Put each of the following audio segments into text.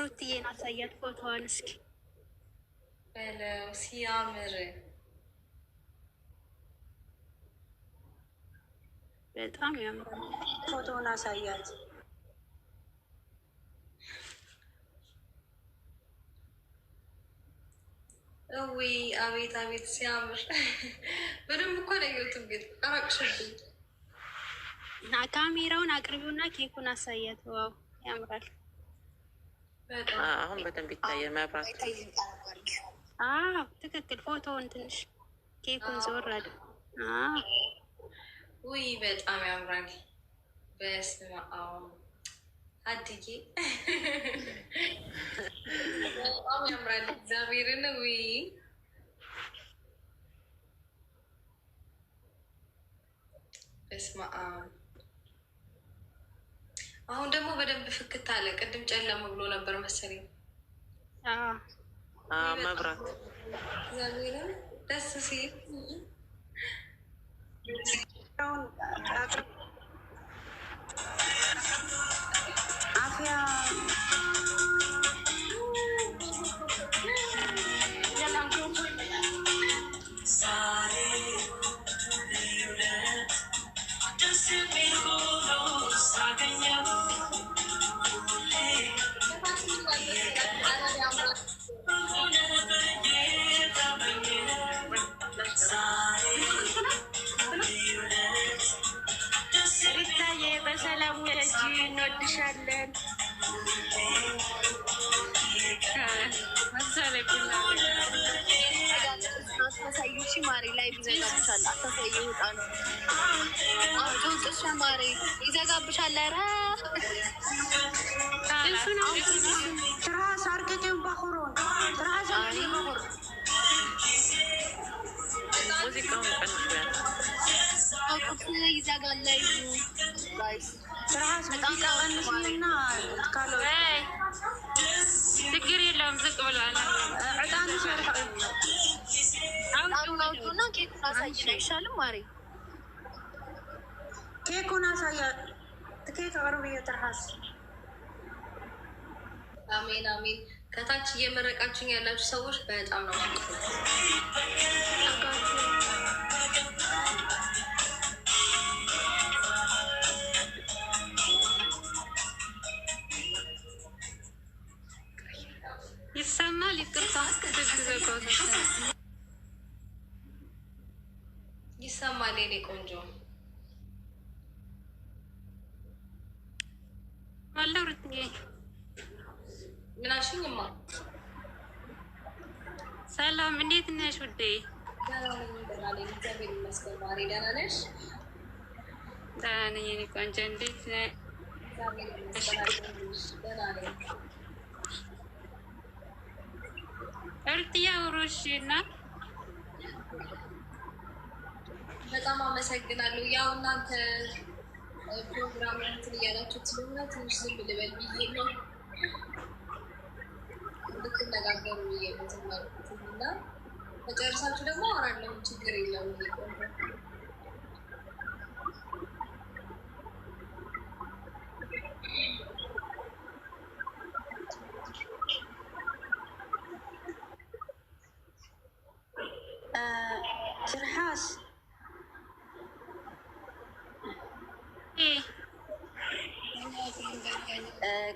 ሩትዬን አሳያት ፎቶዋን እስኪ በለው ሲያምር በጣም ያምራል። ፎቶውን አሳያት። እዊ አቤት አቤት ሲያምር በደንብ እኮ ለየቱ እንግዲህ አራቅሽብኝ ካሜራውን አቅርቢውና ኬኩን አሳያት። ዋው ያምራል። አሁን በደንብ ይታያል መብራቱ። ትክክል። ፎቶውን ትንሽ ኬኩን ዘወር አለ። ውይ በጣም ያምራል። በስመ አብ አድጌ በጣም ያምራል። እግዚአብሔርን ውይ በስመ አብ አሁን ደግሞ በደንብ ፍክት አለ። ቅድም ጨለማ ብሎ ነበር መሰለኝ መብራት ደስ ሲል እንወድሻለን። ማሬ ላይ ይዘጋብሻል። አታሳይ ውጣ ነው ቶንጦሻ ማሬ ይዘጋብሻል። ኧረ ትራስ አርቅቅም ባህሮን ትራስ ሙዚቃውን ይዘጋላዩ ችግር የለውም። ዝቅ ብሏል። አውጡና ኬኩን አሳይን አይሻልም? ማሪ ኬኩን አሳያ። ኬክ አቅርብ። እየጠራስ አሜን አሜን። ከታች እየመረቃችሁኝ ያላችሁ ሰዎች በጣም ነው ተናግሯል። ይቅርታ ይሰማል። የእኔ ቆንጆ አለ ርትዬ ምናሽኝማ ሰላም፣ እንዴት ነሽ ውዴ? ደህና ነኝ የእኔ ቆንጆ፣ እንዴት ነሽ? እርትዬ አውሮሽ እና በጣም አመሰግናለሁ። ያው እናንተ ፕሮግራም እንትን እያላችሁ ስለሆነ ትንሽ ዝም ልበል ብዬ ነው እንድትነጋገሩ ብዬ መጨረሳችሁ ደግሞ አወራለሁ። ችግር የለውም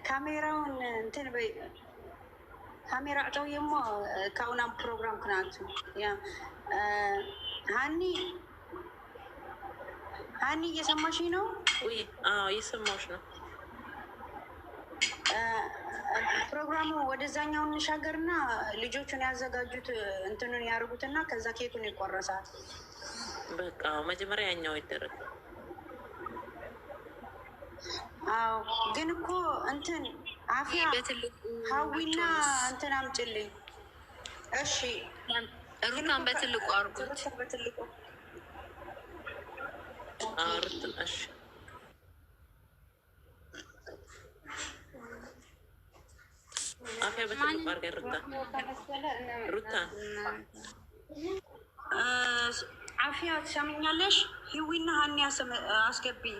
ካሜራውን እንትን በይ ካሜራ አጫው የሞ ፕሮግራም እየሰማሽ ነው? እየሰማሽ ነው። ፕሮግራሙ ወደዛኛው እንሻገርና ልጆቹን ያዘጋጁት እንትኑን ያደርጉትና ከዛ ኬኩን ይቆረሳል። በቃ መጀመሪያ ያኛው ይደረግ። አዎ ግን እኮ እንትን አፍያ ሀዊና እንትን አምጭልኝ። እሺ ሩታን በትልቁ አርጉት። አፍያ በትልቁ አርገን ሩታ ሩታ አፍያ ትሰምኛለሽ? ሂዊና ሀኒ አስገብኝ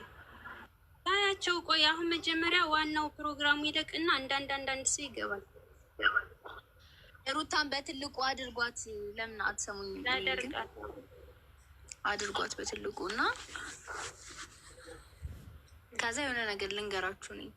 ናቸው። ቆይ አሁን መጀመሪያ ዋናው ፕሮግራሙ ይለቅና አንዳንድ አንዳንድ ሰው ይገባል። ሩታን በትልቁ አድርጓት። ለምን አትሰሙኝ? አድርጓት በትልቁ እና ከዛ የሆነ ነገር ልንገራችሁ ነኝ።